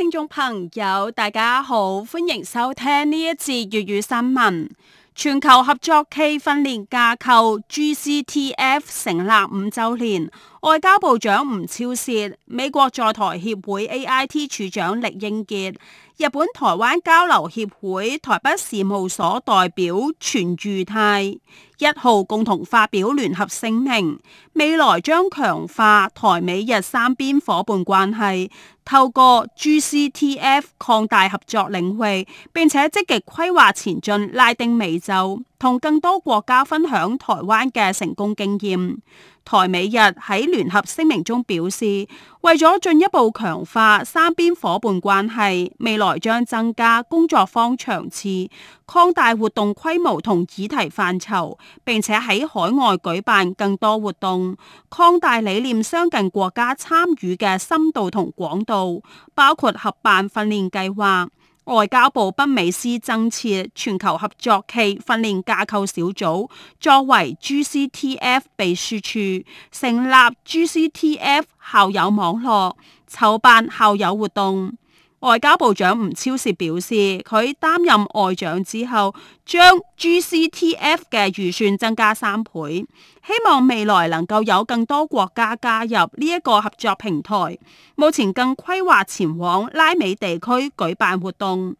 聽眾朋友，大家好，歡迎收聽呢一節粵語新聞。全球合作暨訓練架構 （GCTF） 成立五周年，外交部長吳釗燮，美國在台協會 （AIT） 處長酈英傑，日本台灣交流協會台北事務所代表全柱泰一號共同發表聯合聲明，未來將強化台美日三邊夥伴關係，透過 GCTF 擴大合作領域，並且積極規劃前進拉丁美洲，同更多國家分享台灣嘅成功經驗。台美日喺聯合聲明中表示，為咗進一步強化三邊伙伴關係，未來將增加工作坊場次、擴大活動規模同議題範疇，並且喺海外舉辦更多活動，擴大理念相近國家參與嘅深度同廣度，包括合辦訓練計劃。外交部北美司增設全球合作暨訓練架構小組，作為 GCTF 秘書處，成立 GCTF 校友網絡，籌辦校友活動。外交部長吳超說，表示佢擔任外長之後，將 GCTF 嘅預算增加三倍，希望未來能夠有更多國家加入呢一個合作平台。目前更規劃前往拉美地區舉辦活動。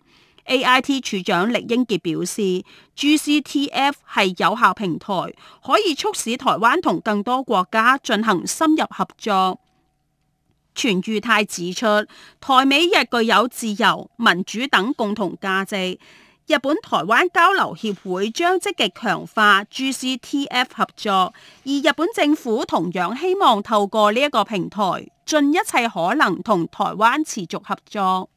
AIT 處長力英傑表示，GCTF 係有效平台，可以促使台灣同更多國家進行深入合作。全裕泰指出，台美日具有自由、民主等共同價值。日本台灣交流協會將積極強化 GCTF 合作，而日本政府同樣希望透過呢一個平台，盡一切可能同台灣持續合作。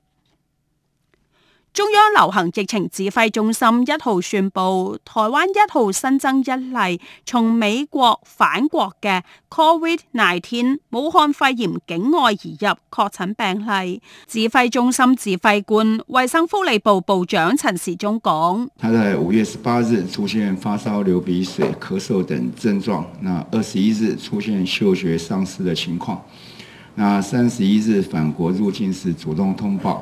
中央流行疫情指揮中心一號宣佈，台灣一號新增一例從美國返國嘅 Covid nineteen 武漢肺炎境外移入確診病例。指揮中心指揮官、衛生福利部部長陳時中講，他在五月十八日出現發燒、流鼻水、咳嗽等症狀，那二十一日出現嗅覺喪失嘅情況，那三十一日返國入境時主動通報。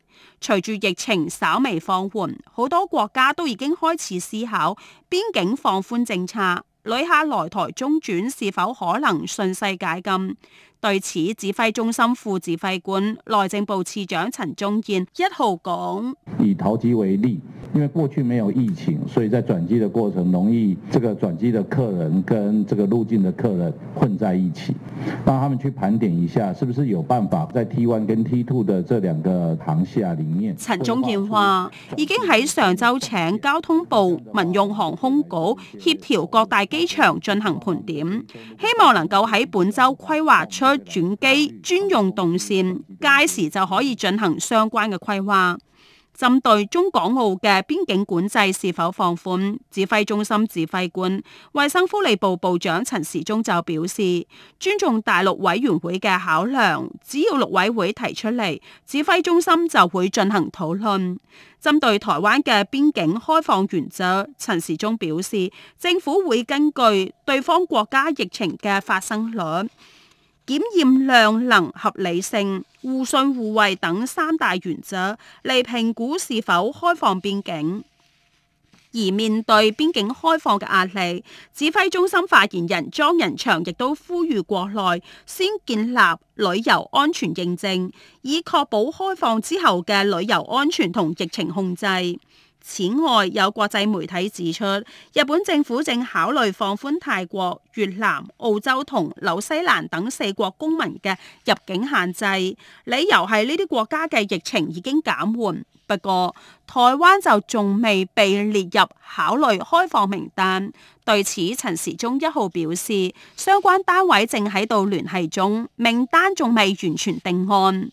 隨住疫情稍微放緩，好多國家都已經開始思考邊境放寬政策，旅客來台中轉是否可能順勢解禁？對此，指揮中心副指揮官、內政部次長陳宗彥一號講：以桃機為例。因為過去沒有疫情，所以在轉機的過程容易這個轉機的客人跟這個入境的客人混在一起，讓他們去盤點一下，是不是有辦法在 T1 跟 T2 的這兩個航廈裡面。陳宗彥話：已經喺上週請交通部民用航空局協調各大機場進行盤點，希望能夠喺本週規劃出轉機專用動線，屆時就可以進行相關嘅規劃。針對中港澳嘅邊境管制是否放寬，指揮中心指揮官、衞生福利部部長陳時中就表示，尊重大陸委員會嘅考量，只要陸委會提出嚟，指揮中心就會進行討論。針對台灣嘅邊境開放原則，陳時中表示，政府會根據對方國家疫情嘅發生率。檢驗量能合理性、互信互惠等三大原則嚟評估是否開放邊境。而面對邊境開放嘅壓力，指揮中心發言人莊人祥亦都呼籲國內先建立旅遊安全認證，以確保開放之後嘅旅遊安全同疫情控制。此外，有國際媒體指出，日本政府正考慮放寬泰國、越南、澳洲同紐西蘭等四國公民嘅入境限制，理由係呢啲國家嘅疫情已經減緩。不過台灣就仲未被列入考慮開放名單，對此，陳時中一號表示，相關單位正喺度聯繫中，名單仲未完全定案。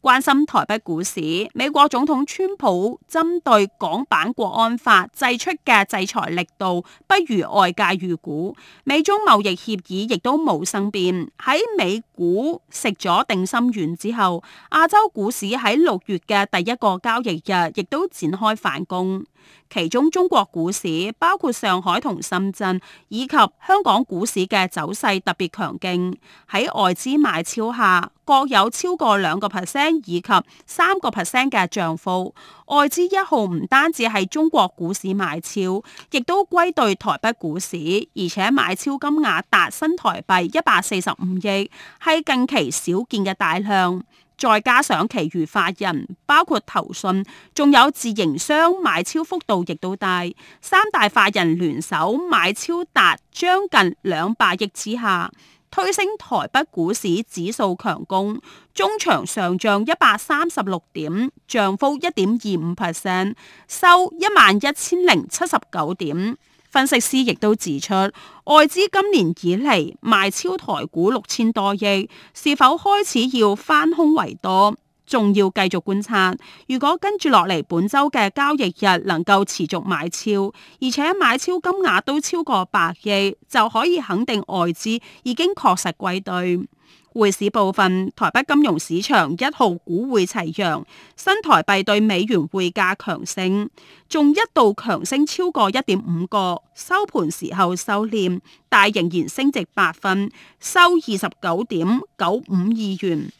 關心台北股市，美國總統川普針對港版國安法祭出嘅制裁力度，不如外界預估。美中貿易協議亦都冇生變。喺美股食咗定心丸之後，亞洲股市喺六月嘅第一個交易日，亦都展開反攻。其中中國股市包括上海同深圳以及香港股市嘅走勢特別強勁，喺外資買超下，各有超過兩個 percent 以及三個 percent 嘅漲幅，外資一號唔單止係中國股市買超，亦都歸隊台北股市，而且買超金額達新台幣一百四十五億，係近期少見嘅大量。再加上其餘法人包括投信，仲有自營商買超幅度亦都大，三大法人聯手買超達將近兩百億之下，推升台北股市指數強攻，中場上漲一百三十六點，漲幅一點二五 percent，收一萬一千零七十九點。分析師亦都指出，外資今年以嚟賣超台股六千多億，是否開始要翻空為多，仲要繼續觀察。如果跟住落嚟本周嘅交易日能夠持續買超，而且買超金額都超過百億，就可以肯定外資已經確實歸隊。匯市部分，台北金融市場一號，股匯齊揚，新台幣對美元匯價強升，仲一度強升超過一點五個，收盤時候收斂，但仍然升值八分，收二十九點九五二元。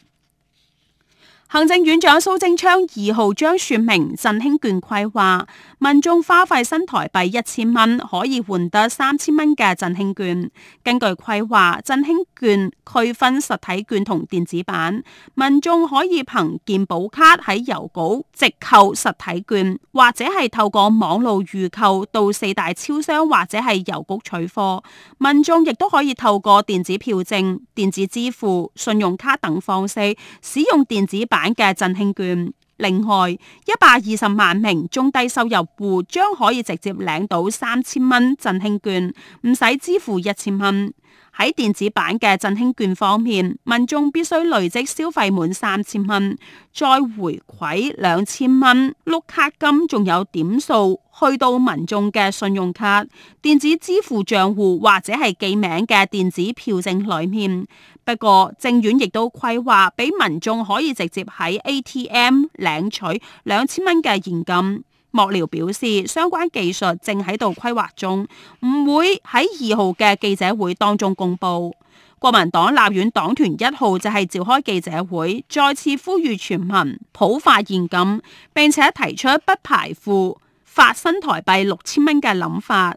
行政院長蘇貞昌二號將說明振興券規劃，民眾花費新台幣一千蚊可以換得三千蚊嘅振興券。根據規劃，振興券區分實體券同電子版，民眾可以憑健保卡喺郵局直購實體券，或者係透過網路預購到四大超商或者係郵局取貨。民眾亦都可以透過電子票證、電子支付、信用卡等方式使用電子版。版嘅振興券，另外一百二十萬名中低收入戶將可以直接領到三千蚊振興券，唔使支付一千蚊。喺電子版嘅振興券方面，民眾必須累積消費滿三千蚊，再回饋兩千蚊碌卡金，仲有點數。去到民眾嘅信用卡、電子支付帳戶或者係記名嘅電子票證裡面。不過，政院亦都規劃俾民眾可以直接喺 ATM 領取兩千蚊嘅現金。幕僚表示，相關技術正喺度規劃中，唔會喺二號嘅記者會當中公布。國民黨立院黨團一號就係召開記者會，再次呼籲全民普發現金，並且提出不排富。發新台幣六千蚊嘅諗法，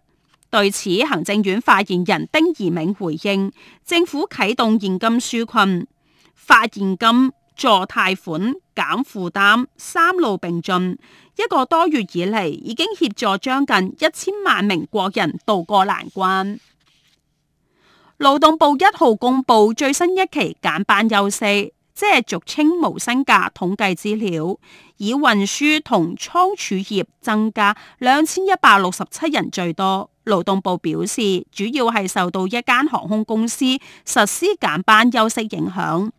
對此行政院發言人丁儀銘回應，政府啟動現金紓困，發現金、助貸款、減負擔，三路併進。一個多月以嚟，已經協助將近一千萬名國人渡過難關。勞動部一號公布最新一期減班優四減班休息，即係俗稱無薪假統計資料，以運輸同倉儲業增加兩千一百六十七人最多。勞動部表示，主要係受到一間航空公司實施減班休息影響。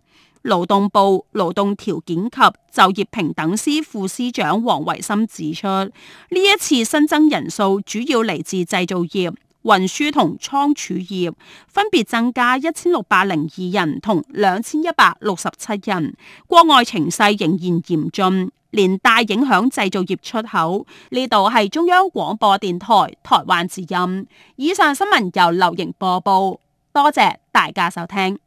勞動部勞動條件及就業平等司副司長黃維森指出，呢一次新增人數主要嚟自製造業。運輸同倉儲業分別增加一千六百零二人同兩千一百六十七人，國外情勢仍然嚴峻，連帶影響製造業出口。呢度係中央廣播電台台灣之音。以上新聞由劉瑩播報，多謝大家收聽。